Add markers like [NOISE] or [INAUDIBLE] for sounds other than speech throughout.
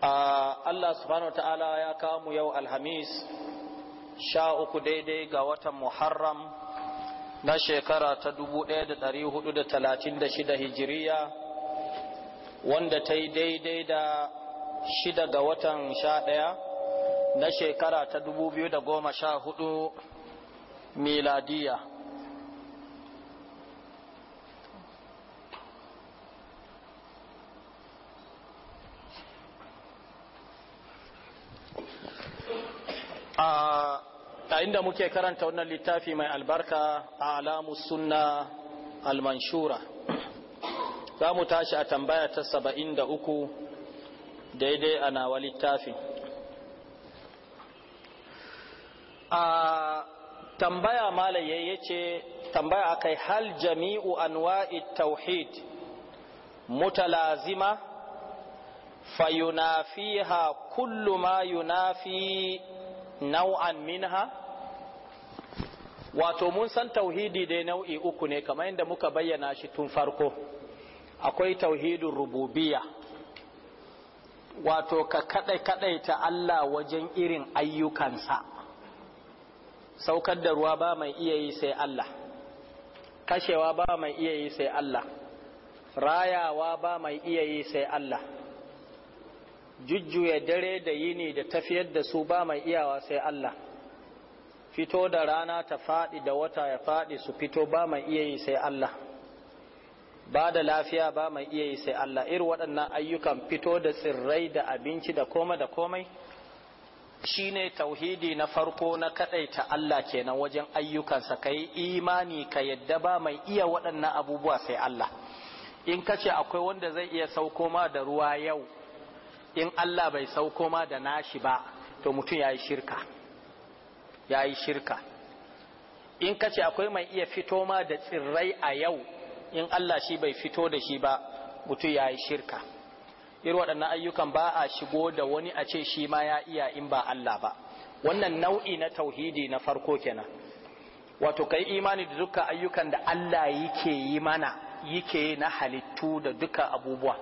Allah subhanahu wa ta'ala ya kamu yau alhamis sha uku daidai ga watan muharram na shekara ta 1436 hijiriya wanda ta yi daidai da shida ga watan sha ɗaya na shekara ta 2014 miladiya a inda muke karanta wannan littafi mai albarka a alamu sunna almanshura za mu tashi a tambaya ta saba'in da uku daidai a nawa littafin a tambaya malaye ya ce tambaya akai hal jami'u anwa'i tauhid mutalazima fayunafiha kullu ma yunafi nau'an minha wato mun san tauhidi dai nau'i uku ne kamar yadda muka bayyana shi tun farko akwai tauhidin rububiya wato ka kadai kadai ta Allah wajen irin ayyukansa saukar da ruwa ba mai iya yi sai Allah kashewa ba mai iya yi sai Allah rayawa ba mai iya yi sai Allah jujjuya dare da yini da tafiyar da su ba mai iyawa sai Allah fito da rana ta faɗi da wata ya faɗi su fito ba mai iya sai Allah ba da lafiya ba mai iya sai Allah irin waɗannan ayyukan fito da tsirrai da abinci da koma da komai shi ne tauhidi na farko na ta Allah kenan wajen ayyukansa ka yi imani ka yadda ba mai iya waɗannan abubuwa sai Allah in ka ce akwai wanda zai iya sauko ma da ruwa yau in Allah bai sauko ma da nashi ba to mutum ya yi shirka ya yi shirka in ka ce akwai mai iya fito ma da tsirrai a yau in Allah shi bai fito da shi ba mutum ya yi shirka irin waɗannan ayyukan ba a shigo da wani a ce shi ma ya iya in ba Allah ba wannan nau'i na tauhidi na farko kenan wato kai imani da dukkan ayyukan da Allah yake yi mana yake na halittu da dukkan abubuwa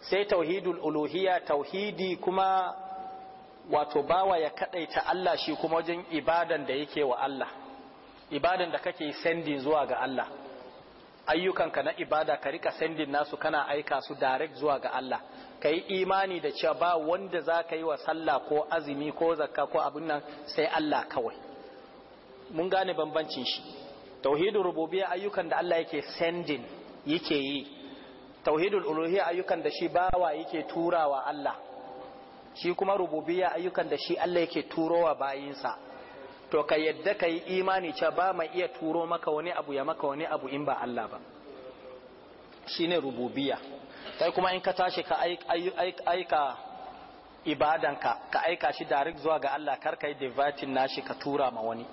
sai tauhidul uluhiyya tauhidi kuma wato bawa ya kadaita Allah shi kuma wajen ibadan da yake wa Allah ibadan da kake sendin zuwa ga Allah ayyukanka na ibada ka rika sendin nasu kana aika su direct zuwa ga Allah ka yi imani da cewa ba wanda za ka yi wa sallah ko azumi ko zakka ko abin nan sai Allah kawai mun gane bambancin shi tauhidin rububiyya ayyukan da Allah yake sendin yake yi tauhidul uluhiyya ayyukan da shi bawa yake turawa Allah shi kuma rububiyya ayyukan da shi Allah yake turowa bayinsa to ka yadda ka yi imani cewa ba mai iya turo maka wani abu ya maka wani abu in ba Allah ba shine rububiyya sai kuma in ka tashi ka aika ibadanka ka aika shi direct zuwa ga Allah kar ka yi divatin nashi ka tura ma wani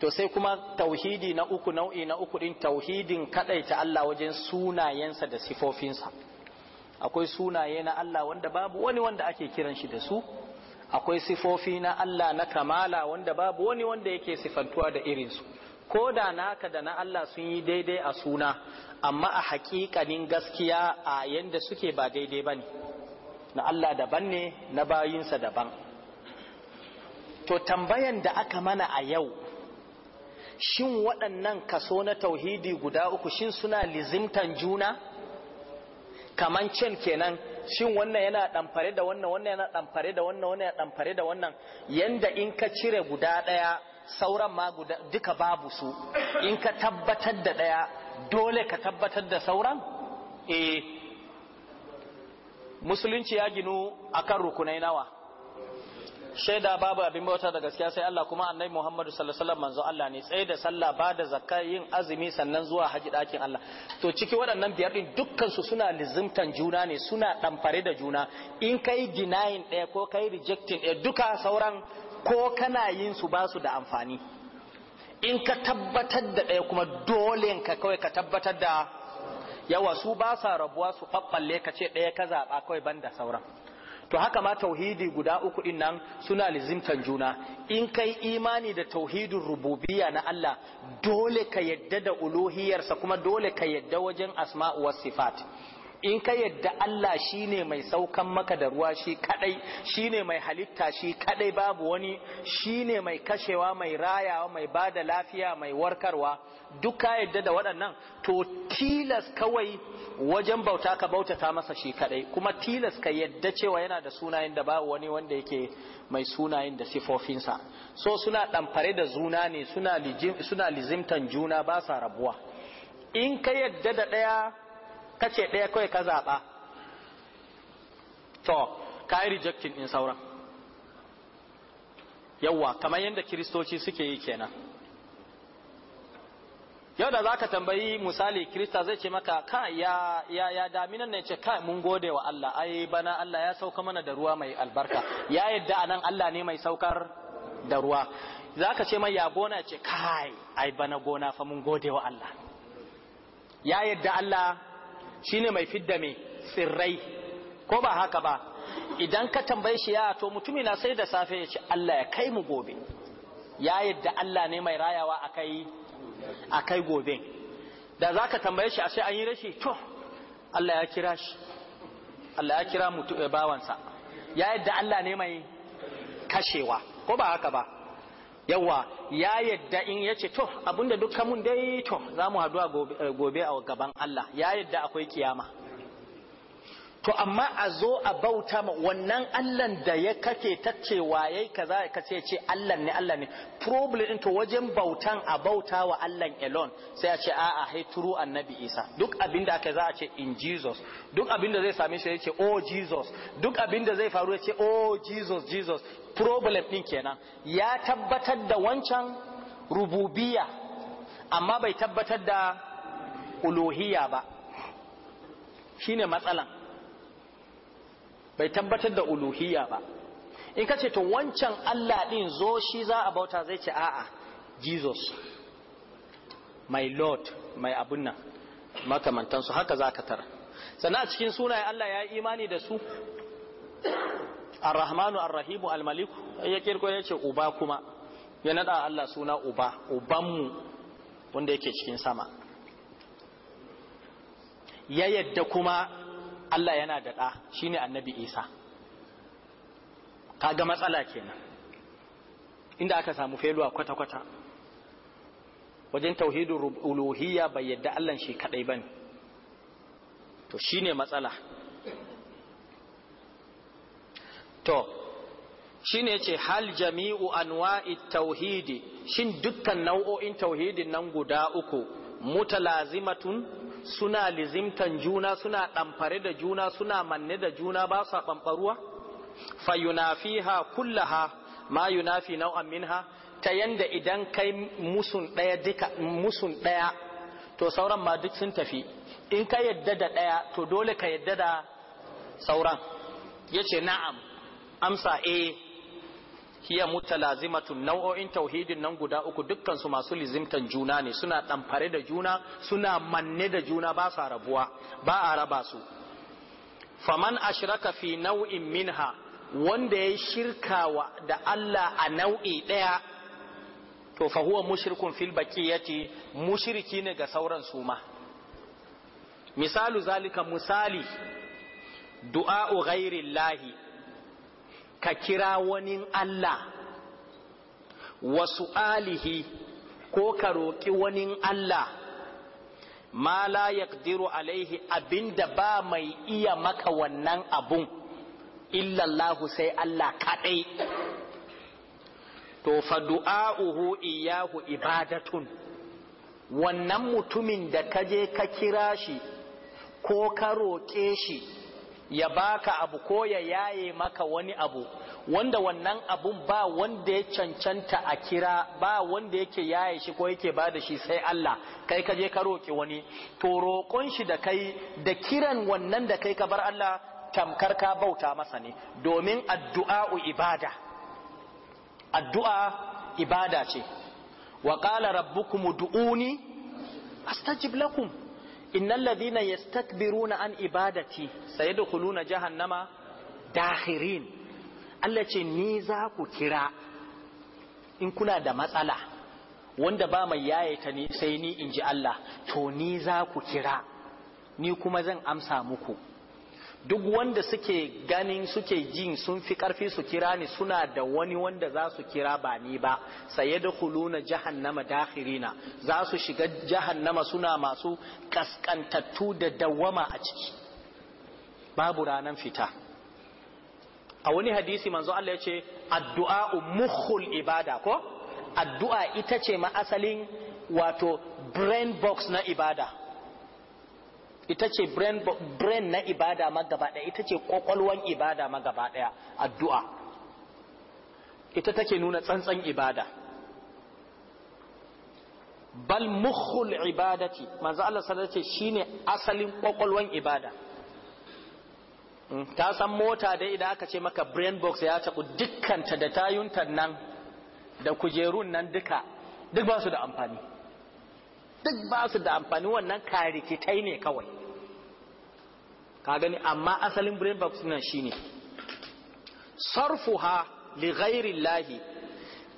to sai kuma tauhidi na uku nau'i na uku din tauhidin ta Allah wajen sunayensa da sifofinsa akwai sunaye na Allah wanda babu wani wanda ake kiran shi da su akwai sifofi na Allah na kamala wanda babu wani wanda yake sifantuwa da irinsu ko da naka da na Allah sun yi daidai a suna amma a hakikanin gaskiya a yanda suke ba daidai ba na Allah daban ne na bayinsa daban to tambayan da aka mana a yau shin waɗannan kaso na tauhidi guda uku shin suna lizimtan juna kaman cin kenan shin wannan yana ɗamfare da wannan wannan yana ɗamfare da wannan wannan yana ɗamfare da wannan yanda in ka cire guda ɗaya sauran ma guda duka babu su in ka tabbatar da ɗaya dole ka tabbatar da sauran eh musulunci ya ginu akan rukunai nawa shaida babu abin bauta da gaskiya sai Allah kuma annabi Muhammadu sallallahu alaihi manzo Allah ne tsaye da sallah ba da zakka yin azumi sannan zuwa haji dakin Allah to ciki waɗannan biyar din dukkan su suna lizimtan juna ne suna ɗamfare da juna in kai denying ɗaya ko kai rejecting ɗaya duka sauran ko kana yin su ba su da amfani in ka tabbatar da ɗaya kuma dole ka kawai ka tabbatar da yawa su ba sa rabuwa su faɓɓalle ka ce ɗaya ka zaɓa kawai banda sauran to haka ma tauhidi guda uku din nan suna lizimtan juna in kai imani da tauhidin rububiyya na Allah dole ka yadda da uluhiyarsa kuma dole ka yadda wajen asma'u was sifat in ka yadda Allah shi ne mai saukan maka da ruwa shi kadai Shi ne mai halitta shi kadai babu wani Shi ne mai kashewa mai rayawa mai ba da lafiya mai warkarwa duk ka yadda da waɗannan to tilas kawai wajen bauta ka bautata masa shi kadai kuma tilas ka yadda cewa yana da sunayen da babu wani wanda yake mai sunayen da sifofinsa so suna ɗamfare da zuna ne suna lizimtan juna ba sa rabuwa in ka yadda da ɗaya kace ɗaya kawai ka zaɓa to ka yi rejectin ɗin sauran yawwa kamar yadda kiristoci suke yi kenan yau da za ka tambayi misali kirista zai ce maka ka ya ya ya daminan ne ce ka mun gode wa Allah ai bana Allah ya sauka mana da ruwa mai albarka ya yadda a nan Allah ne mai saukar da ruwa za ka ce mai ya gona ce kai ai bana gona fa mun gode wa Allah ya yadda Allah Shi ne mai fidda me tsirrai ko ba haka ba idan ka tambaye shi ya to mutumi na sai da safe ya ce Allah ya kai mu gobe ya yadda Allah ne mai rayawa akai akai gobe da zaka tambaye shi a sai an yi rashi to Allah ya kira shi Allah ya kira mutu eh, bawansa ya yadda Allah ne mai kashewa ko ba haka ba yawa ya yadda in ya ce to abinda dukkanmu mun dai to za mu haduwa eh, gobe a gaban Allah ya yadda akwai kiyama to amma a zo a bauta ma wannan allan da ya kake taccewa yayi kaza ka ce ce allan ne allan ne problem din to wajen bautan a bauta wa allan elon sai a ce a'a hai turu annabi isa duk abinda aka za a ce in jesus duk abinda zai same shi ya ce oh jesus duk abinda zai faru ya ce oh jesus jesus problem din kenan ya tabbatar da wancan rububiya amma bai tabbatar da uluhiya ba shine matsalan bai tabbatar da uluhiyya ba in ka ce to wancan Allah din zo shi za a bauta zai ce a'a Jesus my lord my abun nan makamantansu haka za ka tara sannan a cikin sunaye Allah ya yi imani da su arrahmanu arrahimu almaliku ya kirko ya ce uba kuma ya nada Allah suna uba ubanmu wanda yake cikin sama ya yadda kuma Allah yana da ɗa shine annabi Isa ga matsala kenan inda aka samu feluwa kwata-kwata wajen tauhidin uluhiyya bai yadda Allah shi kaɗai ne. to shine matsala to shine ce hal jami'u anwa'i tauhidi shin dukkan nau'o'in tauhidin nan guda uku mutalazimatun suna lizimtan juna suna ɗamfare da juna suna manne da juna ba sa ɓamɓaruwa fayunafiha kullaha ma yunafi nau'an minha ta yanda idan kai musun ɗaya duka musun ɗaya to sauran ma duk sun tafi in ka yadda da ɗaya to dole ka yadda da sauran yace na'am amsa eh hiya mutalazimatun nau'o'in tauhidin nan guda uku dukkan su masu lizimtan juna ne suna ɗamfare da juna suna manne da juna ba sa rabuwa ba a raba su faman ashraka fi nau'in minha wanda ya shirka wa da Allah a nau'i ɗaya to fa huwa mushrikun fil baqiyati mushriki ne ga sauran su ma misalu zalika misali du'a ghairi llahi ka kira wani Allah wasu alihi ko ka roƙi wani Allah ma la yaqdiru alaihi abinda ba mai iya maka wannan abun illallahu sai Allah kaɗai to fa du'a'uhu iyahu ibadatun wannan mutumin da kaje ka kira shi ko ka roƙe shi ya baka abu ko ya yaye maka wani abu wanda wannan abun ba wanda ya cancanta a kira ba wanda yake yaye shi ko yake ba da shi sai Allah kai ka je ka roƙi wani to roƙon shi da kai da kiran wannan da kai ka bar Allah tamkar ka bauta masa ne domin addu'a ibada addu'a ibada ce wa qala rabbukum ud'uni astajib lakum innal ladhina yastakbiruna an ibadati sayadkhuluna jahannama dakhirin Allah ce ni za ku kira in kuna da matsala wanda ba mai yayata ni sai ni in ji Allah to ni za ku kira ni kuma zan amsa muku duk wanda suke ganin suke jin sun fi karfi su kira ni suna da wani wanda za su kira ba ni ba saye da huluna jahannama dakhirina za su shiga jahannama suna masu kaskantattu da dawwama a ciki babu ranan fita a wani hadisi manzo Allah ya ce addu'a mukhul ibada ko addu'a ita ce ma asalin wato brain box na ibada ita ce brain na ibada ma ita ce kwakwalwan ibada ma ɗaya addu'a ita take nuna tsantsan ibada bal ibada ibadati manzo Allah sallallahu alaihi shine asalin kwakwalwan ibada ta hmm, san mota da idan aka ce maka brain box ya taku dukkanta da tayunta nan da kujerun nan duka duk ba su da amfani duk ba su da amfani wannan karikitai ne kawai ka gani amma asalin brain box nan shine sarfuha li ghairillahi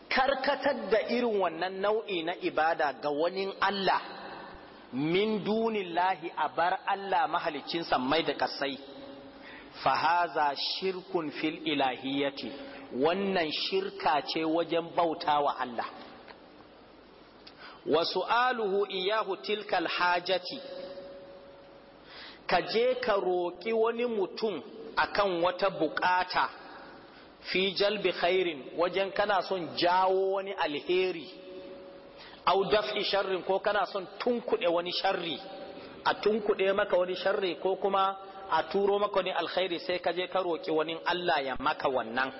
karkatar da irin wannan nau'i na ibada ga wani Allah min dunillahi a bar Allah mahalicin sammai da kasai fahaza shirkun fil ilahiyyati wannan shirka ce wajen bautawa Allah wa su'aluhu iyahu tilkal hajati ka je ka roƙi wani mutum akan wata bukata fi jalbi khairin wajen kana son jawo wani alheri au daf'i sharrin ko kana son tunkuɗe wani sharri a tunkuɗe maka wani sharri ko kuma a turo maka wani alkhairi sai ka je ka roƙi wani Allah ya maka wannan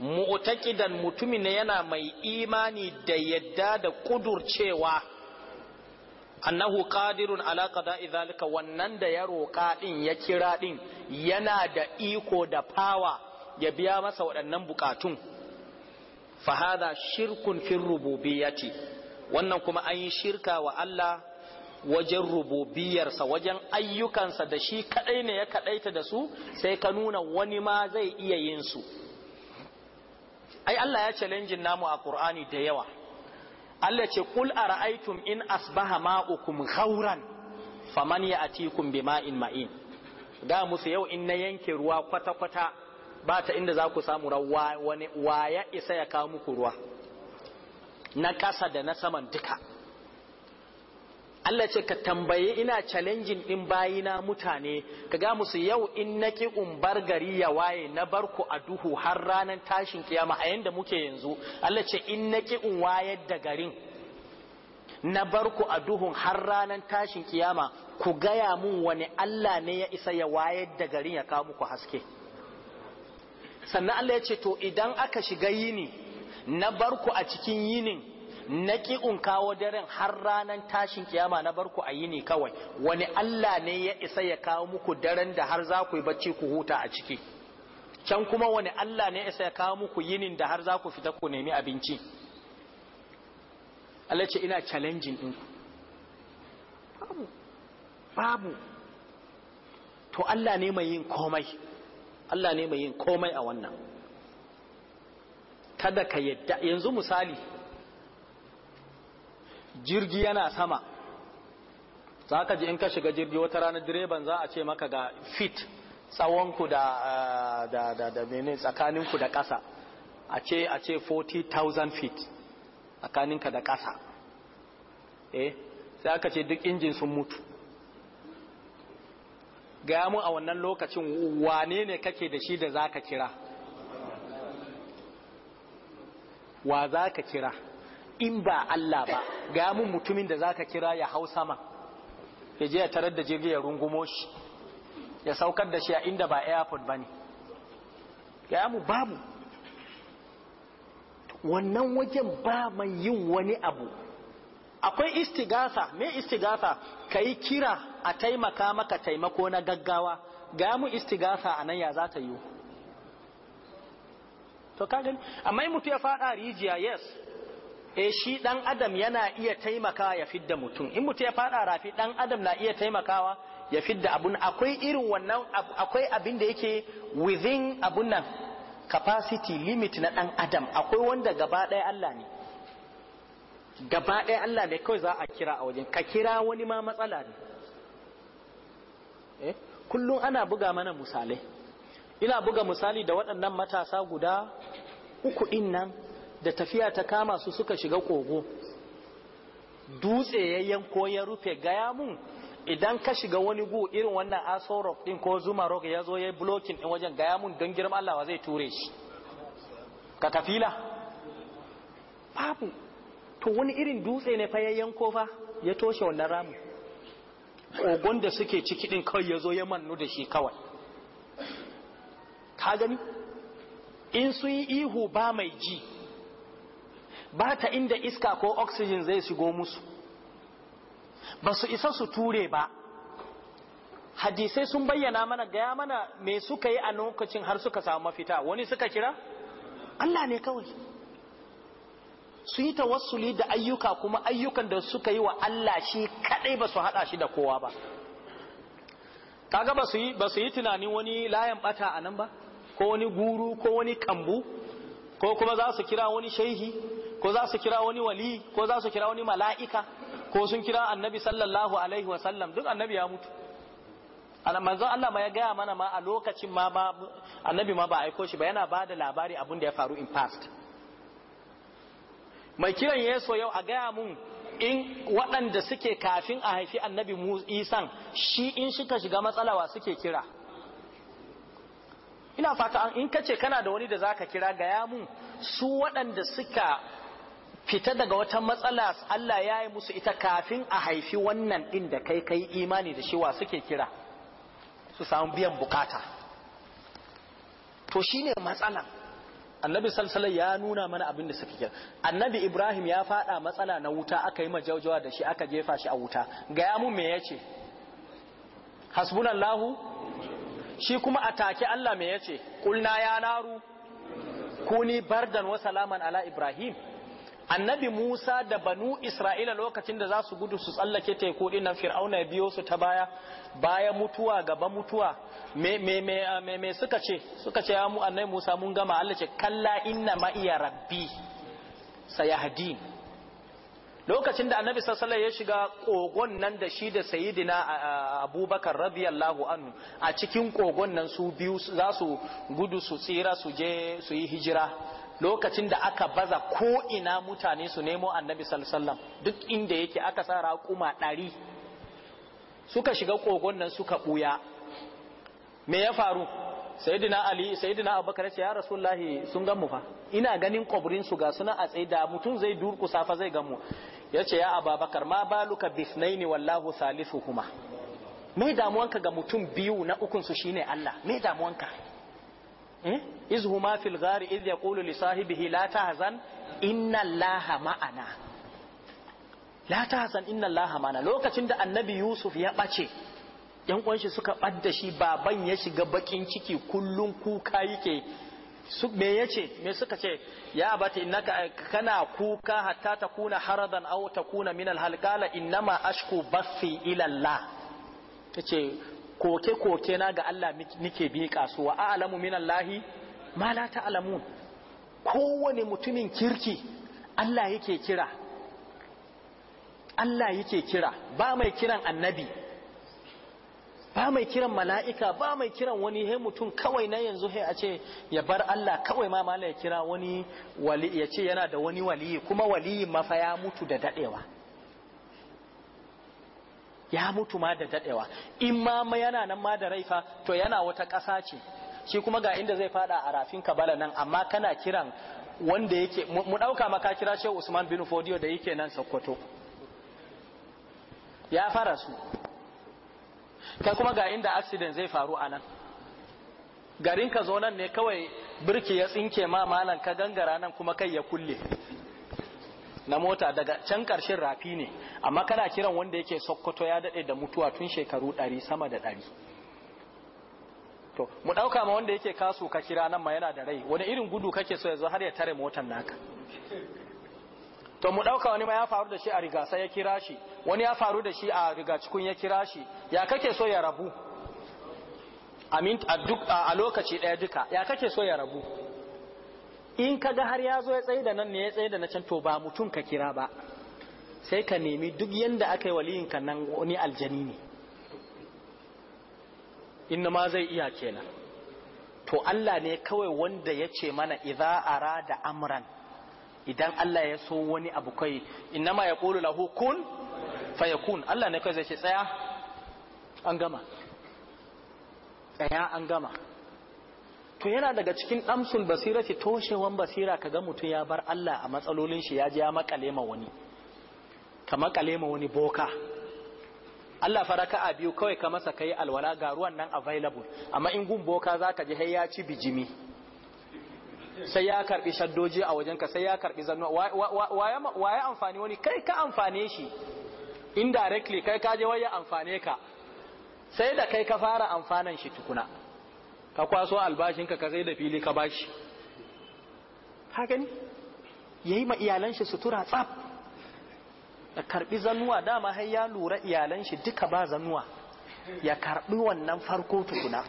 mu'taqidan mutumin ne yana mai imani da yadda da kudurcewa annahu qadirun ala qada'i zalika wannan da ya roƙa din ya kira din yana da iko da fawa ya biya masa waɗannan bukatun fa hada shirkun fi rububiyyati wannan kuma an yi shirka wa Allah wajen rububiyarsa wajen ayyukansa da shi kadai ne ya kadaita da su sai ka nuna wani ma zai iya yin su ai Allah ya challenge namu a Qur'ani da yawa Allah ce kul ara'aytum in asbaha ma'ukum ghauran faman ya'tikum bima'in ma'in ga musu yau in na yanke ruwa kwata kwata ba ta inda za ku samu rawa wani waya isa ya kawo muku ruwa na kasa da na saman duka Allah ce ka tambaye ina challenging din bayina mutane ka ga musu yau in naki umbar gari ya waye na barku a duhu har ranan tashin kiyama a yanda muke yanzu Allah ce in naki un wayar da garin na barku a duhun har ranar tashin kiyama ku gaya mun wani Allah ne ya isa ya wayar da garin ya kawo muku haske sannan Allah ya ce to idan aka shiga yini na barku a cikin yinin na ƙi'un kawo daren har ranar tashin kiyama na barku a yi ne kawai wani Allah ne ya isa ya kawo muku daren da har za ku yi bacci ku huta a ciki can kuma wani Allah ne ya isa ya kawo muku yinin da har za ku fita ku nemi abinci Allah ce ina challenging ku babu babu to Allah ne mai yin komai Allah ne mai yin komai a wannan kada ka yadda yanzu misali jirgi yana sama za ka ji in ka shiga jirgi wata ranar direban za a ce maka ga fit tsawonku eh, da da da mene tsakaninku da ƙasa a ce a ce 40,000 feet tsakaninka da ƙasa eh sai aka ce duk injin sun mutu gaya mu a wannan lokacin wane ne kake da shi da za ka kira wa za ka kira in ba Allah ba ga mun mutumin da zaka kira ya hau sama ya je ya tarar da jirgi ya rungumo shi ya saukar da shi a inda ba airport bane ga mu babu wannan wajen ba mai yin wani abu akwai istigasa me istigasa kai kira a taimaka maka taimako na gaggawa ga mu istigasa anan ya za ta yi to kagan amma mutu ya fada rijiya yes E shi dan adam yana iya taimaka ya fidda mutum in mutum ya faɗa rafi dan adam na iya taimakawa ya fidda abun akwai irin wannan akwai abin da yake within abun nan capacity limit na dan adam akwai wanda gaba ɗaya Allah ne gaba ɗaya Allah ne kawai za a kira a wajen ka kira wani ma matsala ne eh kullum ana buga mana misalai ina buga misali da waɗannan matasa guda uku ɗin nan da tafiya ta kama su suka shiga kogo dutse yayyan ko ya rufe gaya mun idan ka shiga wani gu irin wannan aso rock din ko zuma rock ya zo ya yi blocking din wajen gaya mun don girman Allah wa zai ture shi ka kafila babu to wani irin dutse ne fa yayyan ko fa ya toshe wannan ramu kogon da suke ciki din kawai ya zo ya mannu da shi kawai ka gani in sun yi ihu ba mai ji ba ta inda iska ko oxygen zai shigo musu ba su isa su ture ba hadisai sun bayyana mana gaya mana me suka yi a lokacin har suka samu mafita wani suka kira Allah ne kawai su yi tawassuli da ayyuka kuma ayyukan da suka yi wa Allah shi kadai ba su hada shi da kowa ba kaga ba su yi ba su yi tunanin wani layan bata a nan ba ko wani guru ko wani kambu ko kuma za su kira wani shehi ko za su kira wani wali ko za su kira wani mala'ika ko sun kira annabi sallallahu alaihi wa sallam duk annabi ya mutu manzon Allah ma ya gaya mana ma a lokacin ma ba annabi ma ba aiko shi ba yana ba da labari abin da ya faru in past mai kiran yeso yau a gaya mun in waɗanda suke kafin a haifi annabi mu isan shi in shika shiga matsalawa suke kira ina fata in kace kana da wani da zaka kira gaya mun su waɗanda suka fita daga wata matsala Allah ya yi musu ita kafin a haifi wannan ɗin da kai kai imani da shi suke kira su samu biyan bukata to shi ne matsala. annabi salsala ya nuna mana abin da suke kira annabi ibrahim ya fada matsala na wuta aka yi majaujawa da shi aka jefa shi a wuta gaya mun me yace hasbunallahu shi kuma a take Allah me yace kulna ya naru kuni bardan wa ala ibrahim annabi Musa da banu Isra'ila lokacin da za su gudu su tsallake teku din Fir'auna ya biyo su ta baya baya mutuwa gaba mutuwa me suka ce suka ce ya mu annabi Musa mun gama Allah ce kalla inna ma iya rabbi sayahdin lokacin da annabi sassala ya shiga kogon nan da shi da sayidina abubakar radiyallahu Anu a cikin kogon nan su biyu za su gudu su tsira su je su yi hijira lokacin da aka baza ko ina mutane su nemo annabi sallallahu alaihi duk inda yake aka sa kuma ɗari suka shiga kogon nan suka buya. me ya faru sayyidina ali sayyidina abubakar ce ya rasulullahi sun ga mu fa ina ganin kwabrin su ga suna a tsaye da mutum zai durkusa fa zai ga mu yace ya ababakar ma baluka bisnaini wallahu kuma. me damuwanka ga mutum biyu na ukun su shine Allah me damuwanka Hmm? izhuma huma fil ghari iz yaqulu li sahibihi la tahzan inna allaha ma'ana la tahzan inna allaha ma'ana lokacin da annabi yusuf ya bace yan shi suka badda shi baban ya shiga bakin ciki kullum kuka yake su me yace me suka ce ya abata innaka kana kuka hatta takuna haradan aw takuna min alhalqala innama ashku bathi ila allah tace koke-koke na ga Allah nike bi kasuwa a alamu minallahi ma la ta'lamun kowane mutumin kirki Allah yake kira Allah yake kira ba mai kiran annabi ba mai kiran mala'ika ba mai kiran wani he mutum kawai na yanzu he a ce ya bar Allah kawai ma mala ya kira wani wali ya ce yana da wani waliyi kuma waliyin mafa ya mutu da dadewa ya mutu ma da dadewa in ma yana nan ma da raifa to yana wata ƙasa ce shi kuma ga inda zai fada a rafin kabala nan amma kana kiran wanda yake mu dauka maka kira shi usman bin fodiyo da yake nan sokoto ya fara su kai kuma ga inda accident zai faru a nan garin ka zo nan ne kawai birki ya tsinke ma malan ka gangara nan kuma kai ya kulle na mota daga can ƙarshen rafi ne amma kana kiran wanda yake sokoto ya daɗe da mutuwa tun shekaru ɗari sama da ɗari to mu ɗauka ma wanda yake kasu ka kira nan ma yana da rai wani irin gudu kake so yanzu har ya tare motar naka to mu ɗauka wani ma ya faru da shi a rigasa ya kira shi wani ya faru da shi a rigacikun ya kira shi ya kake so ya rabu a lokaci ɗaya duka ya kake so ya rabu in ka ga har ya zo ya tsaye da nan ne ya tsaye da na can to ba mutum ka kira ba sai ka nemi duk yanda aka yi waliyin ka nan wani aljani ne inna ma zai iya kenan to Allah ne kawai wanda ya ce mana idza arada amran idan Allah ya so wani abu kai inna ma yaqulu lahu kun fayakun Allah ne kawai zai ce tsaya an gama tsaya an gama to yana daga cikin damsul basira ce toshewan basira kaga mutum ya bar Allah a matsalolin shi ya je ya makale ma wani ka makale ma wani boka Allah faraka a biyu kawai ka masa kai alwala ga ruwan nan available amma in gun boka zaka je har ya ci bijimi sai ya karbi shaddoji a wajenka sai ya karbi zannu waye ya amfani wani kai ka amfane shi indirectly kai ka je wai ya amfane ka sai da kai ka fara amfanan shi tukuna ka kwaso albashinka ka sai da fili ka bashi ka gani yi ma iyalan shi sutura tsaf da karbi zanuwa dama har ya lura iyalan shi duka ba zanuwa ya karbi wannan farko tukuna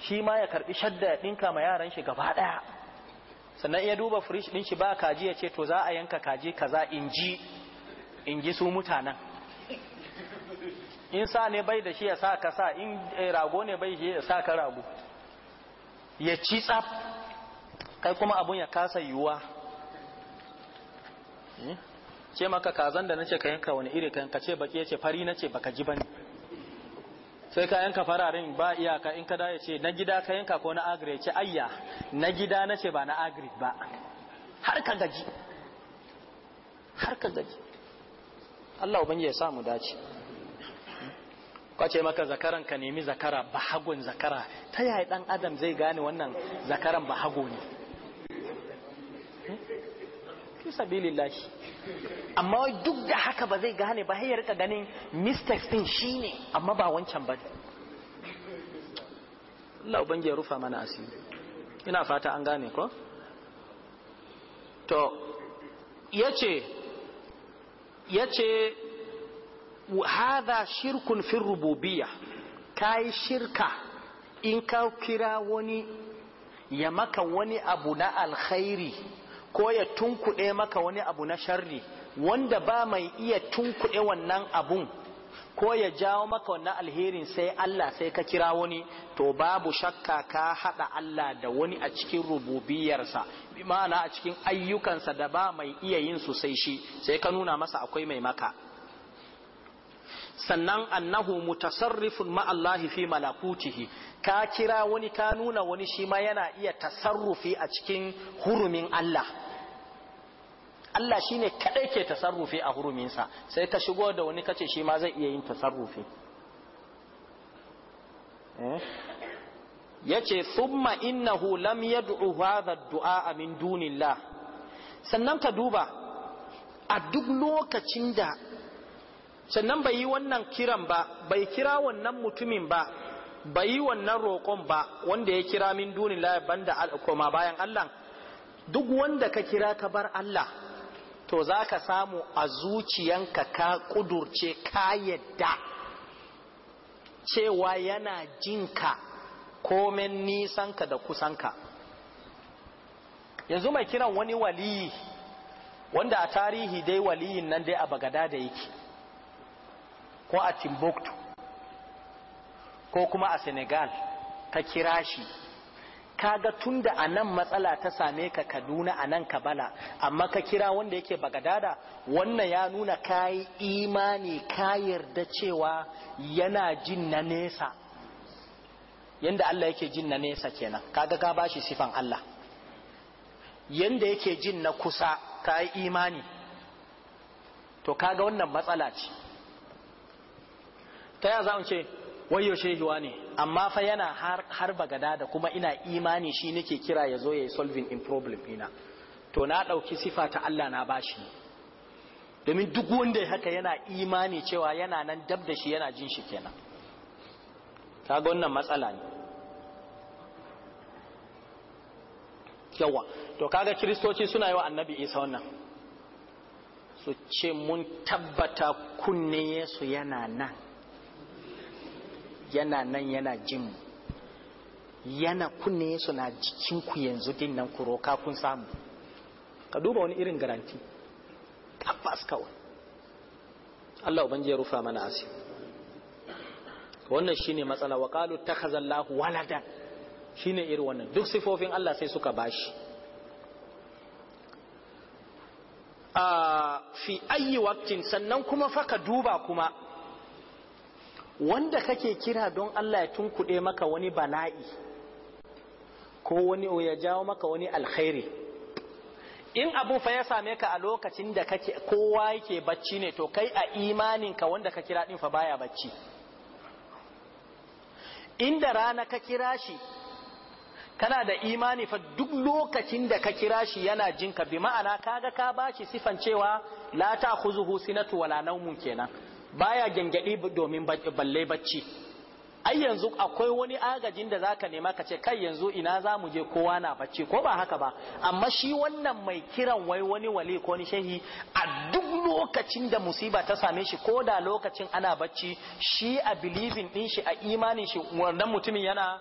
shi ma ya karbi shadda ya dinka ma yaran shi gaba daya sannan ya duba firish din shi ba kaji ya ce to za a yanka kaji kaza in ji in ji su mutanen in sa ne bai da shi ya sa ka sa in eh, rago ne bai shi ya sa ka rago ya ci tsaf kai kuma abun ya kasa yiwuwa hmm? ce maka kazan da nace ka yanka wani iri ka yanka ce baki yace fari nace baka ji bane sai ka yanka fararen ba iyaka in ka da yace na gida ka yanka ko na agri yace ayya na gida nace ba na agri ba har ka gaji har ka gaji Allah ubangiji ya samu dace kwace maka zakaran ka nemi zakara ba hagun zakara ta yaya dan adam zai gane wannan zakaran ba hago ne hmm? sabilillahi amma duk da haka ba zai gane ba hayar ka ganin mistakes din shine amma ba wancan ba Allah ubangi ya rufa mana asiri ina fata an gane ko to yace yace hadha shirkun fi rububiyya yi shirka in ka kira wani ya maka wani abu na alkhairi ko ya tunkuɗe maka wani abu na sharri wanda ba mai iya tunkuɗe wannan abun ko ya jawo maka wannan alherin sai Allah sai ka kira wani to babu shakka ka haɗa Allah da wani a cikin rububiyarsa bi ma'ana a cikin ayyukansa da ba mai iya yin su sai shi sai ka nuna masa akwai mai maka sannan annahu mutasarrifun ma Allahi fi malakutihi ka kira wani ka nuna wani shi ma yana iya tasarrufi a cikin hurumin Allah Allah shine kadai ke tasarrufi a huruminsa sai ka shigo da wani kace shi ma zai iya yin tasarrufi eh? yace thumma innahu lam yad'u hadha dua min dunillah sannan ka duba a duk lokacin da sannan bai yi wannan kiran ba bai kira wannan mutumin ba bai yi wannan roƙon ba wanda ya kira min duni la banda koma bayan Allah duk wanda ka kira ka bar Allah to za ka samu a zuciyanka ka kudurce ka yadda cewa yana jinka komen nisanka da kusan ka. yanzu mai kiran wani waliyi wanda a tarihi dai waliyin nan dai a bagada da yake ko a timbuktu ko kuma a senegal ka kira shi kaga tunda a nan matsala ta same ka kaduna a nan kabala amma ka kira wanda yake bagadada wannan ya nuna kayi imani ka yarda cewa yana jin na nesa yanda Allah yake jin na nesa kenan kaga ka bashi sifan Allah yanda yake jin na kusa kayi imani to kaga wannan matsala ce ta ya za mu ce wayo shehiwa ne amma fa yana har, gada bagada da kuma ina imani shi nake kira ya zo ya yi solving in problem ina to na ɗauki sifa ta Allah na bashi domin duk wanda haka yana imani cewa yana nan dab da shi yana jin shi kenan kaga wannan matsala ne yawa to kaga kiristoci suna yi wa annabi isa wannan su ce mun tabbata kunne yesu yana nan yana nan yana jin yana kunne su na jikinku yanzu din nan ku roka kun samu ka duba wani irin garanti tabbas kawai Allah ubangiji ya rufa mana asiri wannan shine matsala wa qalu takhazallahu walada shine irin wannan duk sifofin Allah sai suka bashi a ah, fi ayi waktin sannan kuma fa ka duba kuma wanda kake kira don Allah ya tunkuɗe maka wani bala'i ko wani ya jawo maka wani alkhairi in abu fa ya same ka a lokacin da kake kowa yake bacci ne to kai a imaninka wanda ka kira din fa baya bacci inda rana ka kira shi kana da imani fa duk lokacin da ka kira shi yana jinka bi ma'ana kaga ka bashi sifan cewa la ta khuzuhu sinatu wala naumun kenan baya gyangyaɗi domin balle bacci ai yanzu akwai wani agajin da zaka nema ka ce kai yanzu ina za mu je kowa na bacci ko ba haka ba amma shi wannan mai kiran wai wani wali ko ni shehi a duk lokacin da musiba ta same shi ko da lokacin ana bacci shi a believing din shi a imanin shi wannan mutumin yana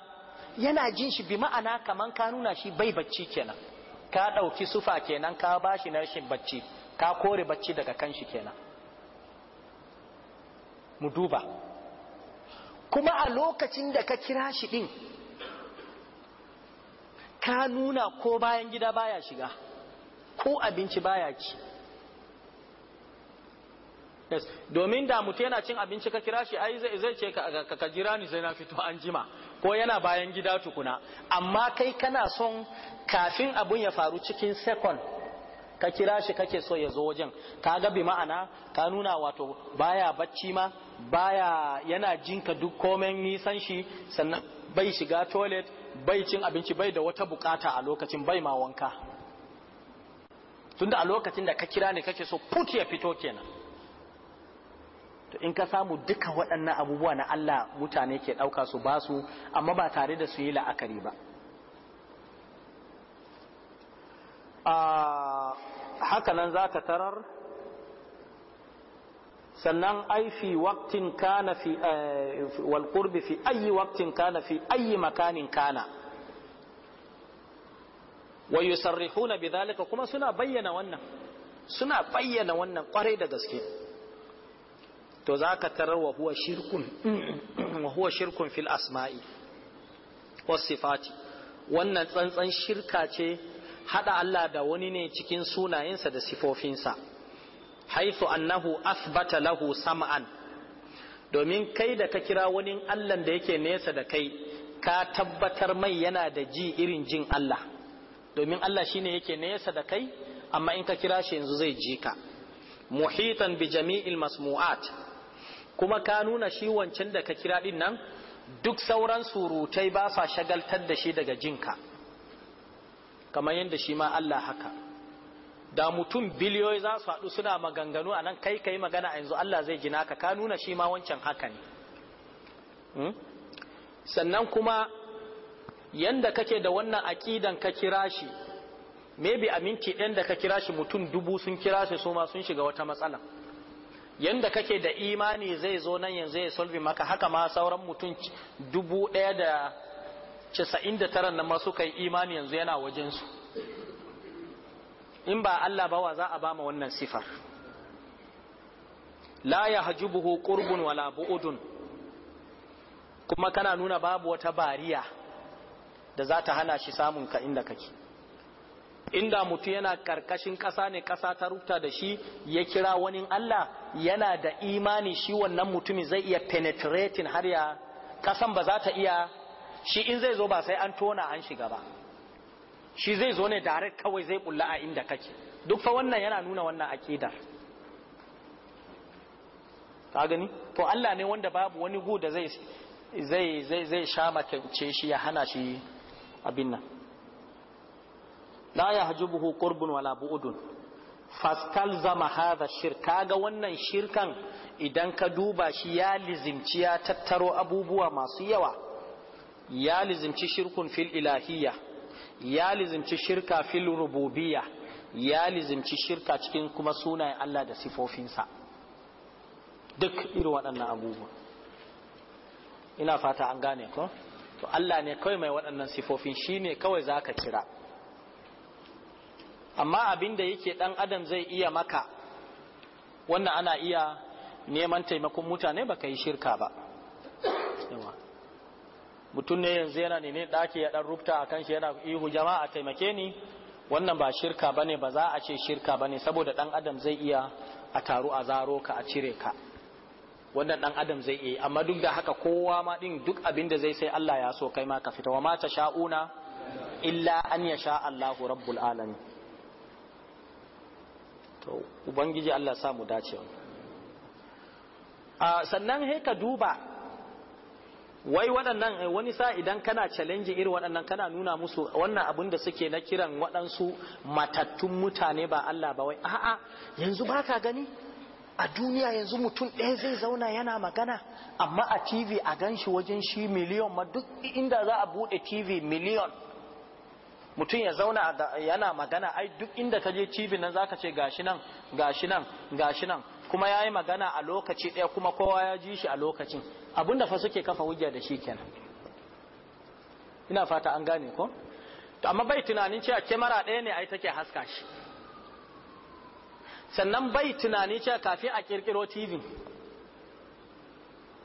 yana jin shi bi ma'ana kaman ka nuna shi bai bacci kenan ka ɗauki sufa kenan ka bashi na rashin bacci ka kore bacci daga kan shi kenan mu duba kuma a lokacin da ka kira shi ɗin ka nuna ko bayan gida baya shiga ko abinci baya ci yes. domin da mutu yana cin abinci ka kira shi ai zai ce ka, jira ni sai na fito an jima ko yana bayan gida tukuna amma kai kana son kafin abun ya faru cikin second ka kira shi kake so ya zo wajen ka ga bi ma'ana ka nuna wato baya bacci ma baya yana jinka duk komen nisan shi sannan bai shiga toilet bai cin abinci bai da wata bukata a lokacin bai ma wanka tunda a lokacin da ka kira ne kake so put ya fito kenan to in ka samu duka waɗannan abubuwa na Allah mutane ke ɗauka su ba su amma ba tare da su yi la'akari ba ah, Hakanan za ka tarar sannan ai fi waqtin kana fi eh, wal qurbi fi ayi waqtin kana fi ayi makanin kana wa yusarrihuna bidhalika kuma suna bayyana wannan suna bayyana wannan kwarai da gaske to zaka tarar wa huwa shirkun wa huwa shirkun fil asma'i was sifati wannan tsantsan shirka ce hada Allah da wani ne cikin sunayensa da sifofinsa haisu annahu asbata lahu sama'an domin kai da ka kira wani allan da yake nesa da kai ka tabbatar mai yana da ji irin jin Allah domin Allah shine yake nesa da kai amma in ka kira shi yanzu zai ji ka muhitan bi jami'il masmu'at kuma ka nuna shi wancan da ka kira din nan duk sauran surutai ba sa shagaltar da shi daga jinka kamar yadda shi ma Allah haka da mutum biliyoyi za su haɗu suna maganganu a nan kai kai magana a yanzu Allah zai gina ka ka nuna shi ma wancan haka ne hmm? sannan kuma yanda kake da wannan aƙidan ka kira shi maybe a minti ɗan da ka kira shi mutum dubu sun kira shi su sun shiga wata matsala yanda kake da imani zai zo nan yanzu ya solve maka haka ma sauran mutum dubu ɗaya da casa'in da tara nan ma suka yi imani yanzu yana wajensu in ba Allah ba wa za a bama wannan sifar la ya hajubuhu qurbun wala bu'udun kuma kana nuna babu wata bariya da za ta hana shi samun ka inda kake inda mutum yana karkashin ƙasa ne ƙasa ta rubuta da shi ya kira wani Allah yana da imani shi wannan mutumin zai iya penetrating har ya ƙasan ba za ta iya shi in zai zo ba sai an tona an shiga ba shi zai zo ne direct kawai zai bulla a inda kake duk fa wannan yana nuna wannan akidar ka gani to Allah ne wanda babu wani gu da zai zai zai zai sha shi ya hana shi abin nan la yahjubuhu qurbun wala bu'dun fastalzama hadha shirk ga wannan shirkan idan ka duba shi ya lizimci ya tattaro abubuwa masu yawa ya lizimci shirkun fil ilahiyya ya lizimci shirka fil rububiyya ya lizimci shirka cikin kuma sunayen Allah da sifofinsa duk irin waɗannan abubuwa ina fata an gane ko to Allah ne kawai mai waɗannan sifofin shine kawai zaka kira amma abin da yake dan adam zai iya maka wannan ana iya neman taimakon mutane baka yi shirka ba mutum ne yanzu yana ne ɗaki ya ɗan rufta a kan shi yana ihu jama'a taimake ni wannan ba shirka ba ne ba za a ce shirka ba ne saboda ɗan adam zai iya a taru a zaro ka a cire ka wannan ɗan adam zai iya amma duk da haka kowa ma ɗin duk abin da zai sai Allah ya so kai ma ka fita wa mata sha'una illa an ya sha Allahu rabbul alamin to ubangiji Allah sa mu dace sannan he ka duba wai waɗannan eh, wani sa idan kana challenge irin waɗannan kana nuna musu wannan abin da suke na kiran waɗansu matattun mutane ba Allah ba wai a'a yanzu baka gani a duniya yanzu mutum ɗaya zai zauna yana magana amma a TV a gan shi wajen shi miliyon ma duk inda za a buɗe TV miliyon mutum ya zauna yana magana ai duk inda ka je TV nan zaka ce gashi nan gashi nan gashi nan kuma ya yi magana a lokaci ɗaya kuma kowa ya ji shi a lokacin abinda fa suke kafa hujja da shi kenan ina fata an gane ko to amma bai tunanin cewa kyamara ɗaya ne ai take haska shi sannan bai tunanin cewa kafin a kirkiro tv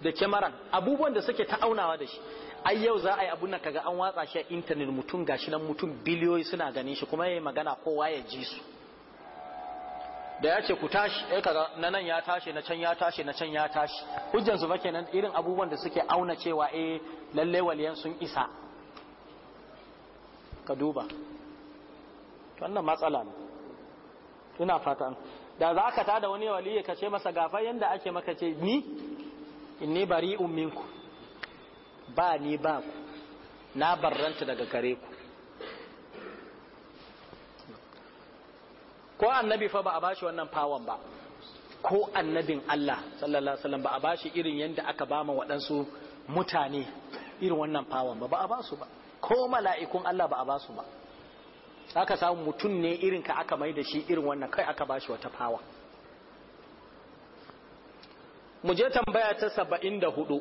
da kyamaran abubuwan da suke ta'aunawa da shi ai yau za a yi abun nan kaga an watsa shi a intanet mutum gashi nan mutum biliyoyi suna ganin shi kuma yayi magana kowa ya ji su da ya ce ku tashi eh kaga na nan ya tashi na can ya tashi na can ya tashi hujjan su kenan irin abubuwan da suke auna cewa eh lalle waliyan sun isa ka duba wannan matsala ne ina fata da za ka tada wani wali ka ce masa gafa yanda ake maka ce ni inni bari'un minku ba ni ba ku na barranta daga gare ku ko annabi fa ba a bashi wannan fawon ba ko annabin Allah sallallahu alaihi wasallam ba a bashi irin yadda aka bama waɗansu mutane irin wannan fawon ba ba a basu ba ko mala'ikun Allah ba a basu ba aka samu mutum ne irin ka aka mai da shi irin wannan kai aka bashi wata fawa mu je tambaya ta saba'in da hudu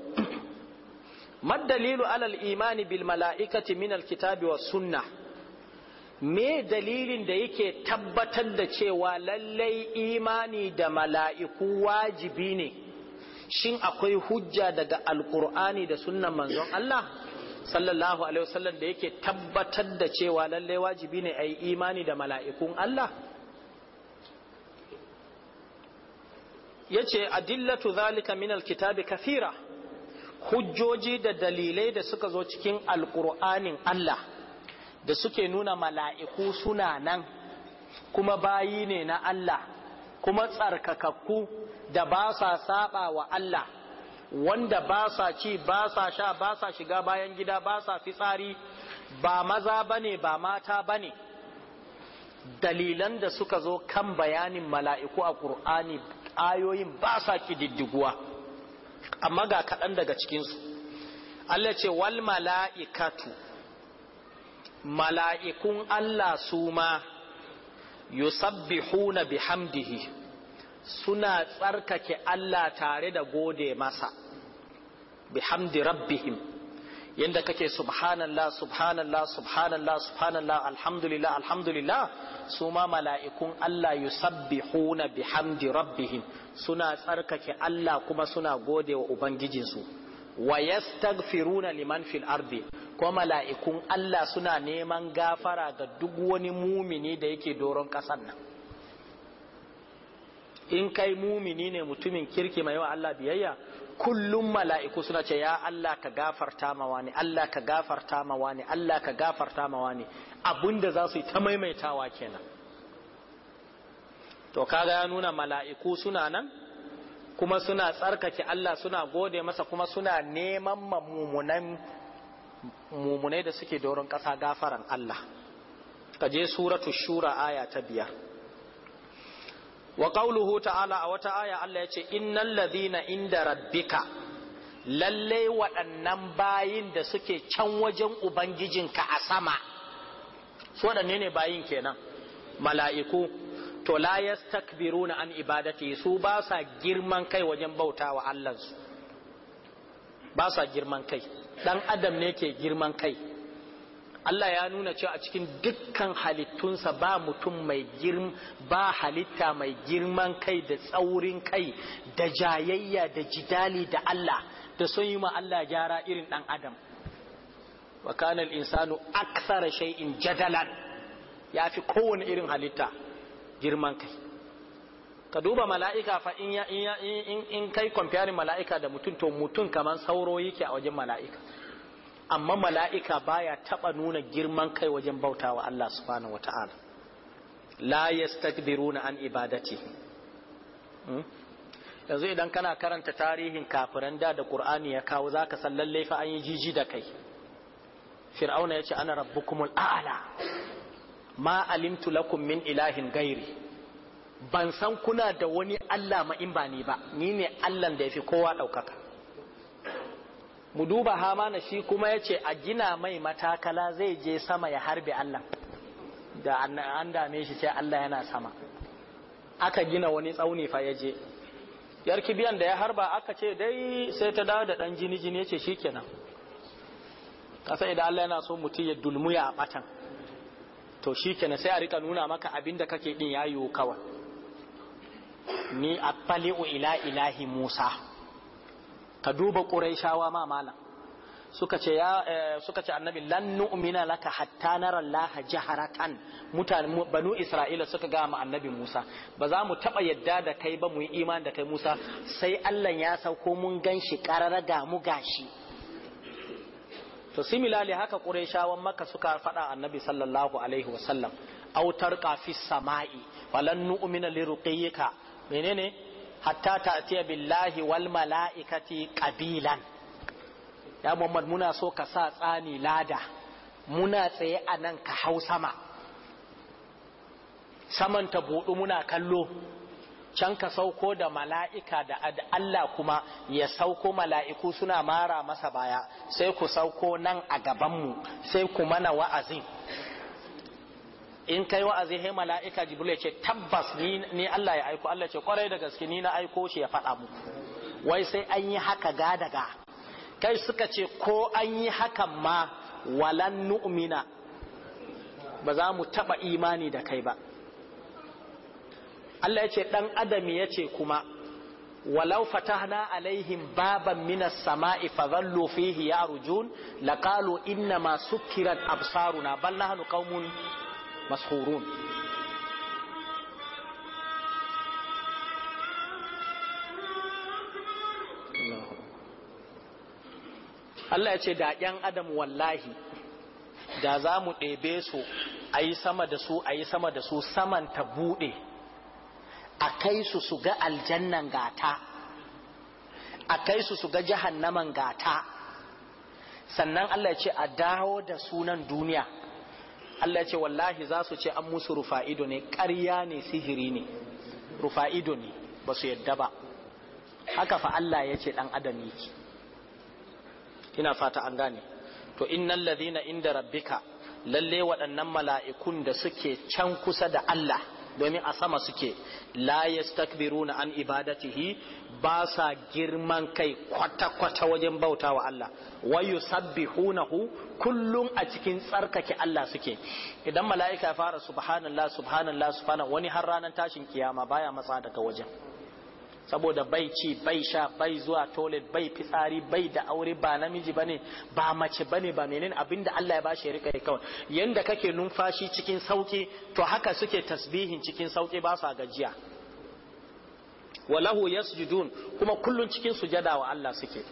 [CLEARS THROAT] mad dalilu alal imani bil mala'ikati min al kitabi was sunnah me dalilin da yake tabbatar da cewa lallai imani da mala'iku wajibi ne shin akwai hujja daga alkur'ani da sunnan manzon Allah sallallahu alaihi wasallam da yake tabbatar da cewa lallai wajibi ne a imani da mala'ikun Allah ya ce adillatu zalika min alkitabi kafira hujjoji da dalilai da suka zo cikin alkur'anin Allah da suke nuna mala'iku suna nan kuma bayi ne na Allah kuma tsarkakakku da ba sa saba wa Allah wanda ba sa ci ba sa sha ba sa shiga bayan gida ba sa fitsari ba maza ba ne, ba mata ba ne. dalilan da suka zo kan bayanin mala'iku a ƙur'ani ayoyin ba sa kididdiguwa amma ga kaɗan daga cikinsu Allah ce wal mala'ikatu mala'ikun Allah su ma yusabbihuna bihamdihi suna tsarkake Allah tare da gode masa bihamdi rabbihim Yadda kake subhanallah subhanallah subhanallah subhanallah alhamdulillah alhamdulillah su ma mala'ikun Allah yusabbihuna bihamdi rabbihim suna tsarkake Allah kuma suna gode wa ubangijinsu wa yastaghfiruna liman fil ardi ko mala'ikun Allah suna neman gafara ga duk wani mumini da yake doron kasan nan in kai mumini ne mutumin kirki mai wa Allah biyayya kullum mala'iku suna ce ya Allah ka gafarta ma wani Allah ka gafarta ma wani Allah ka gafarta ma wani abinda za su yi ta maimaitawa kenan to kaga ya nuna mala'iku suna nan kuma suna tsarkake Allah suna gode masa kuma suna neman mummunai da suke doron ƙasa gafaran Allah Ka je suratu shura aya ta biyar wa qauluhu ta'ala a wata aya Allah ya ce innal ladhina inda rabbika lalle waɗannan bayin da suke can wajen ubangijinka a sama su waɗanne ne bayin kenan mala'iku to la yastakbiruna an ibadati su ba sa girman kai wajen bautawa Allah su ba sa girman kai dan adam ne ke girman kai Allah ya nuna cewa a cikin dukkan halittunsa ba mutum mai girm ba halitta mai girman kai da tsaurin kai da jayayya da jidali da Allah da son yi ma Allah gyara irin dan adam wa kana al-insanu aktsara shay'in jadalan ya fi kowane irin halitta girman kai ka duba mala'ika fa in ya in in kai comparing mala'ika da mutum to mutum kaman sauro yake a wajen mala'ika amma mala'ika baya taba nuna girman kai wajen bautawa Allah subhanahu wata'ala la yastakbiruna an ibadati hmm? yanzu idan kana karanta tarihin kafiran da da qur'ani ya kawo zaka san lalle fa an yi jiji da kai fir'auna yace ana rabbukumul a'la ma alimtu lakum min ilahin gairi ban san kuna da wani Allah ma in ba ni ba ni ne Allah da ya fi kowa ɗaukaka mu duba hamana shi kuma ya ce a gina mai matakala zai je sama ya harbe Allah da an dame shi sai Allah yana sama aka gina wani tsauni fa ya je yar kibiyan da ya harba aka ce dai sai ta dawo da ɗan jini jini ya ce shikenan kasa idan Allah yana so mutum ya dulmuya a batan to shi kenan sai a rika nuna maka abin da kake din ya yiwu kawai ni a fali'u ila ilahi musa ka duba shawa ma malam eh, suka ce annabi lan nu'mina laka hatta nara Allah jaharatan mutane banu Isra'ila suka gama annabi Musa ba za mu taɓa yadda da kai ba mu yi iman da kai Musa sai Allah ya sauko mun gan shi karara ga mu gashi to similarly haka qurayshawan maka suka faɗa annabi sallallahu alaihi wasallam autar kafi sama'i falan nu'mina liruqiyika menene hatta ta'tiya billahi wal mala'ikati qabilan ya muhammad muna so ka sa tsani lada muna tsaye a nan ka hau sama saman ta buɗu muna kallo can ka sauko da mala'ika da Allah kuma ya sauko mala'iku suna mara masa baya sai ku sauko nan a gabanmu sai ku mana wa'azin in kai wa'azi hai mala'ika jibril ce tabbas ni, Allah ya aiko Allah ce kwarai da gaske ni na aiko shi ya faɗa mu wai sai an yi haka ga daga kai suka ce ko an yi hakan ma walan nu'mina ba za mu taɓa imani da kai ba Allah ya ce ɗan adam ya ce kuma walau fatahna alaihim baban minas sama'i fadhallu fihi yarujun laqalu inna ma sukkirat absaruna bal nahnu qaumun mashhurun Allah ya ce da ‘yan adam wallahi da za mu ɗebe su a yi sama da su a yi sama da su saman ta buɗe’ a kai su su ga aljannan gata a kai su su ga jahannaman gata sannan Allah ce a dawo da sunan duniya Allah ce wallahi za su ce an musu rufa'ido ne ƙarya ne sihiri ne rufa'ido ne ba su yadda ba haka fa Allah ya ce ɗan adam yake ina fata an gane to innal ladhina inda rabbika lalle waɗannan mala'ikun da suke can kusa da Allah domin a sama suke la yastakbiruna an ibadatihi ba sa girman kai kwata-kwata wajen bauta wa Allah wa yusabbihunahu kullum a cikin tsarkake Allah suke idan mala'ika fara subhanallah subhanallah subhanallah wani har ranar tashin kiyama baya matsa daga wajen saboda bai ci bai sha bai zuwa toilet bai fitsari bai da aure ba namiji bane ba mace bane ba menene abinda Allah ya bashi ya rika yi kawai yanda kake numfashi cikin sauki to haka suke tasbihin cikin sauki ba gajiya walahu yasjudun kuma kullun cikin sujada wa Allah suke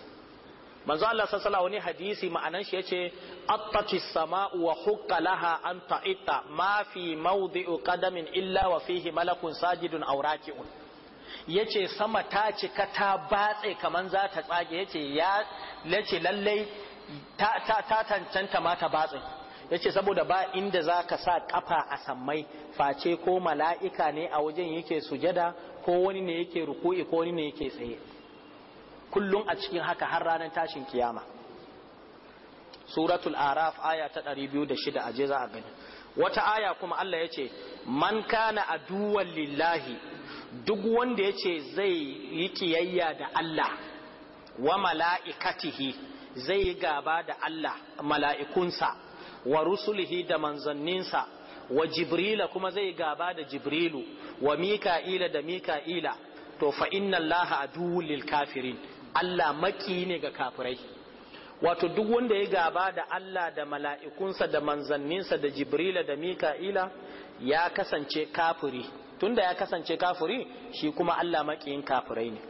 manzo Allah sallallahu wani hadisi ma'anan shi yace attati sama'u wa hukalaha an ta'ita ma fi mawdi'u qadamin illa wa fihi malakun sajidun aw raki'un yace sama ta cika ta batse kamar za ta tsage yace ya ce lallai ta tancanta ma ta batse yace saboda ba inda za ka sa kafa a sammai face ko mala'ika ne a wajen yake sujada ko wani ne yake ruku'i ko wani ne yake tsaye kullum a cikin haka har ranar tashin kiyama suratul araf aya ta 206 je za a gani wata aya kuma Allah ya ce man kana aduwan lillahi duk wanda ya ce zai yi kiyayya da Allah wa mala'ikatihi zai yi gaba da Allah mala'ikunsa wa rusulihi da manzanninsa wa jibrila kuma zai gaba da jibrilu wa mika'ila da mika'ila to fa inna Allah aduwwul lil kafirin Allah maki ne ga kafirai wato duk wanda ya gaba da Allah da mala'ikunsa da manzanninsa da jibrila da mika'ila ya kasance kafiri tunda ya kasance kafiri shi kuma Allah makiyin kafirai ne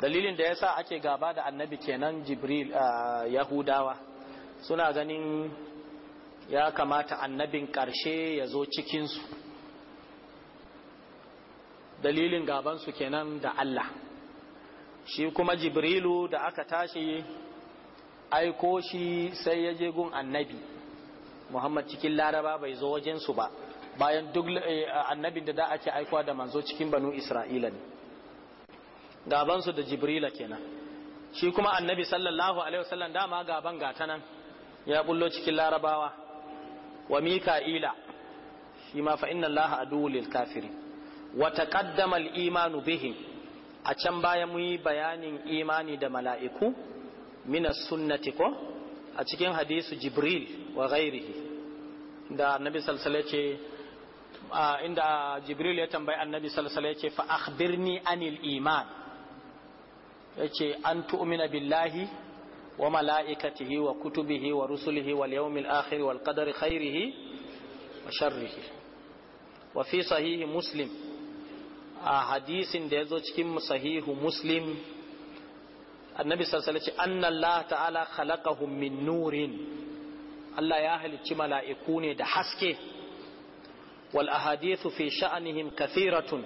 dalilin da yasa ake gaba da annabi kenan jibril yahudawa suna ganin ya kamata annabin karshe ya zo cikinsu dalilin gabansu kenan da Allah shi kuma jibrilu da aka tashi aiko shi sai ya je gun annabi muhammad cikin laraba bai zo wajensu ba bayan duk eh, annabin da da ake aikowa da manzo cikin banu isra'ila ne gabansu da jibrila kenan shi kuma annabi sallallahu alaihi wasallam dama gaban gata nan ya bullo cikin larabawa wa mika'ila shi ma fa inna allaha aduwwul lil kafirin wa taqaddama al imanu bihi a can baya mu bayanin imani da mala'iku min sunnati ko a cikin hadisu jibril wa ghairihi da annabi sallallahu alaihi wasallam Ah, inda jibril ya tambayi annabi sallallahu ya ce fa akhbirni anil iman yace an tu'mina billahi wa malaikatihi wa kutubihi wa rusulihi wal yawmil akhir wal qadari khairihi wa sharrihi wa fi sahihi muslim a hadisin da yazo cikin sahihu muslim annabi sallallahu ya ce anna allah ta'ala khalaqahum min nurin Allah ya halicci mala'iku ne da haske wal ahadithu fi sha'anihim kathiratun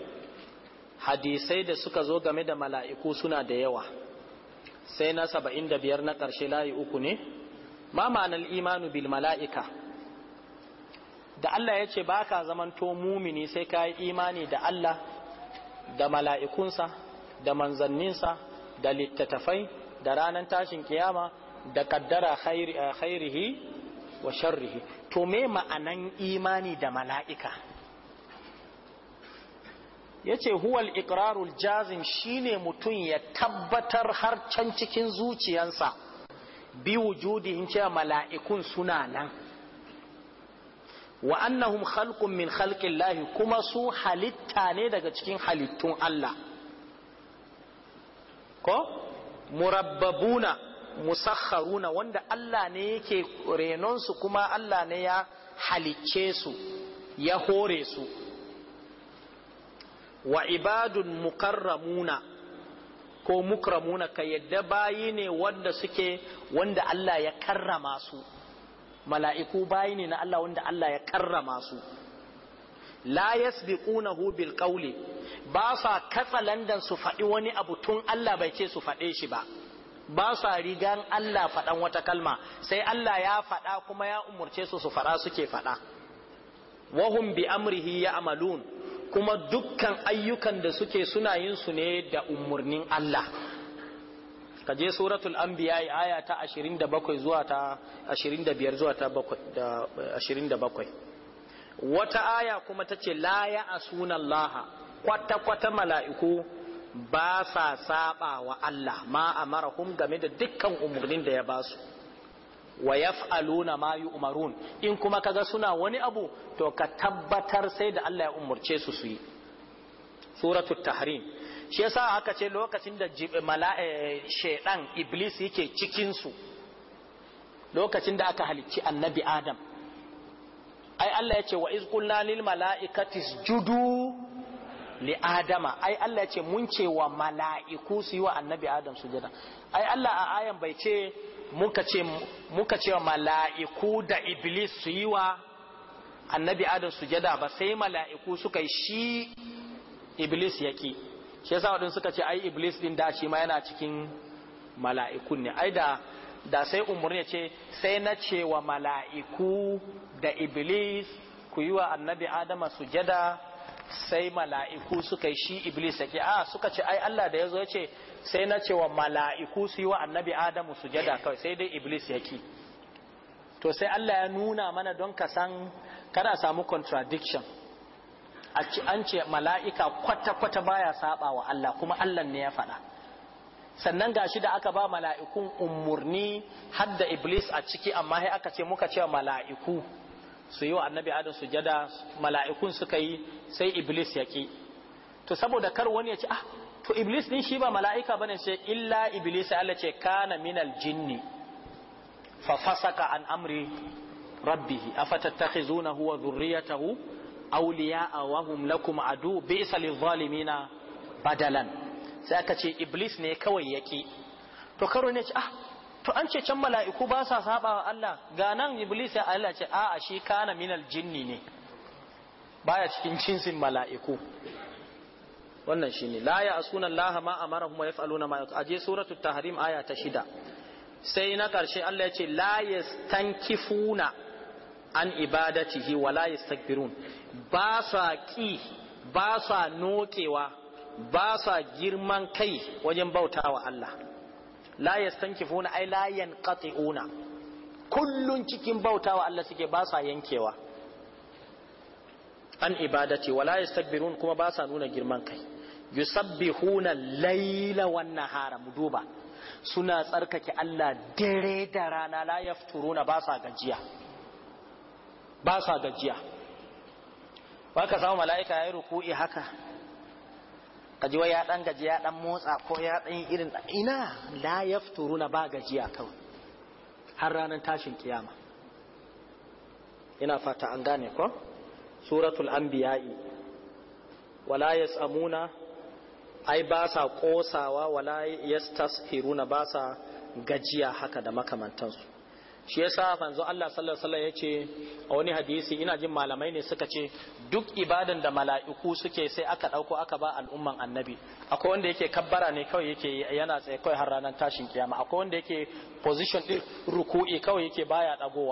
hadisai da suka zo game da mala'iku suna da yawa sai na saba'in da biyar na ƙarshe layi uku ne ma imanu bilmala'ika. da Allah ya ce ba ka zamanto mumini sai ka yi imani da Allah da mala'ikunsa da manzanninsa da littattafai da ranar tashin kiyama da kaddara khairihi wa sharrihi to me ma'anan imani da mala'ika yace huwal ikrarul jazin shine mutum ya tabbatar har can cikin zuciyansa bi wujudihin cewa mala'ikun suna nan wa annahum khalqun min khalqillahi kuma su halitta ne daga cikin halittun Allah ko murabbabuna musakharuna wanda Allah ne yake renonsu kuma Allah ne ya halicce su ya hore su wa ibadun mukarramuna ko mukramuna ka yadda bayi ne wanda suke wanda Allah ya karrama su mala'iku bayi ne na Allah wanda Allah ya karrama su la yasbiqunahu bil qawli ba sa katsalandan su faɗi wani abu tun Allah bai ce su faɗe shi ba ba sa rigan Allah faɗan wata kalma sai Allah ya faɗa kuma ya umarce su su faɗa suke faɗa wahum bi amrihi ya amalun kuma dukkan ayyukan da suke suna yin su ne da umarnin Allah ka je suratul anbiya aya ta 27 zuwa ta 25 zuwa ta 27 wata aya kuma tace la ya asuna Laha kwata kwata mala'iku ba sa saba wa Allah ma amarahum game da dukkan umarnin da ya ba su wa yaf'aluna ma yu'marun in kuma kaga suna wani abu to ka tabbatar sai da Allah ya umurce su su yi suratul tahrim shi yasa aka ce lokacin da eh, shedan iblis yake cikin su lokacin da aka halicci annabi adam ai Allah ya ce wa iz qulna lil mala'ikati isjudu li adama ai Allah ya ce mun ce wa mala'iku su yi wa annabi adam su jira ai Allah a ayan bai ce muka ce muka ce wa mala'iku da iblis su yi wa annabi adam su sujada ba sai mala'iku suka yi shi iblis yaki shi yasa wadin suka ce ai iblis din da shi ma yana cikin mala'ikun ne ai da da sai umarni ce sai na ce wa mala'iku da iblis ku yi wa annabi adama sujada sai mala'iku suka yi shi iblis yake a ah, suka ce ai Allah da ya yazo ce sai na cewa mala'iku su yi wa annabi adamu su jada kawai sai dai iblis yake to sai Allah ya nuna mana don ka san kada samu contradiction a ci an ce mala'ika kwata kwata baya saba wa Allah kuma Allah ne ya faɗa sannan gashi da aka ba mala'ikun umurni hadda iblis a ciki amma sai aka ce muka cewa mala'iku su yi wa annabi adam sujada mala'ikun suka yi sai iblis ya ki to saboda kar wani ya ce ah to iblis din shi ba mala'ika bane sai illa iblis Allah ce kana minal jinni fa fasaka an amri rabbih afatattakhizunahu wa dhurriyyatahu awliya'a wa hum lakum adu bi'sa lidh-dhalimina badalan sai aka ce iblis ne kawai yake to karo ne ce ah to an ce can mala'iku ba sa saba wa Allah ga nan iblis ya Allah ce a'a shi kana minal jinni ne baya cikin jinsin mala'iku wannan shine la ya asuna Allah ma amarahum wa yaf'aluna ma aje suratu tahrim aya ta shida sai na karshe Allah ya ce la yastankifuna an ibadatihi wa la yastakbirun ba sa ki ba sa nokewa ba sa girman kai wajen bautawa Allah la yastankifuna ai la yanqati'una kullun cikin bautawa Allah suke ba sa yankewa an ibadati wala yastakbirun kuma ba sa nuna girman kai yusabbihuna layla wan nahara muduba suna tsarkake Allah dare da rana la yafturuna ba sa gajiya ba sa gajiya ba ka samu mala'ika ya ruku'i haka kaji wa ya dan gaji ya dan motsa ko ya dan irin ina la yafturuna ba gajiya kawai har ranar tashin kiyama ina fata an gane ko suratul anbiya'i wala yasamuna ai ba sa kosawa wala yastasfiruna ba sa gajiya haka da makamantansu shi yasa manzo Allah sallallahu alaihi ce a wani hadisi ina jin malamai ne suka ce duk ibadan da mala'iku suke sai aka dauko aka ba al'umman annabi akwai wanda yake kabbara ne kawai yake yana tsaye kawai har ranar tashin kiyama akwai wanda yake position din ruku'i kawai yake baya dagowa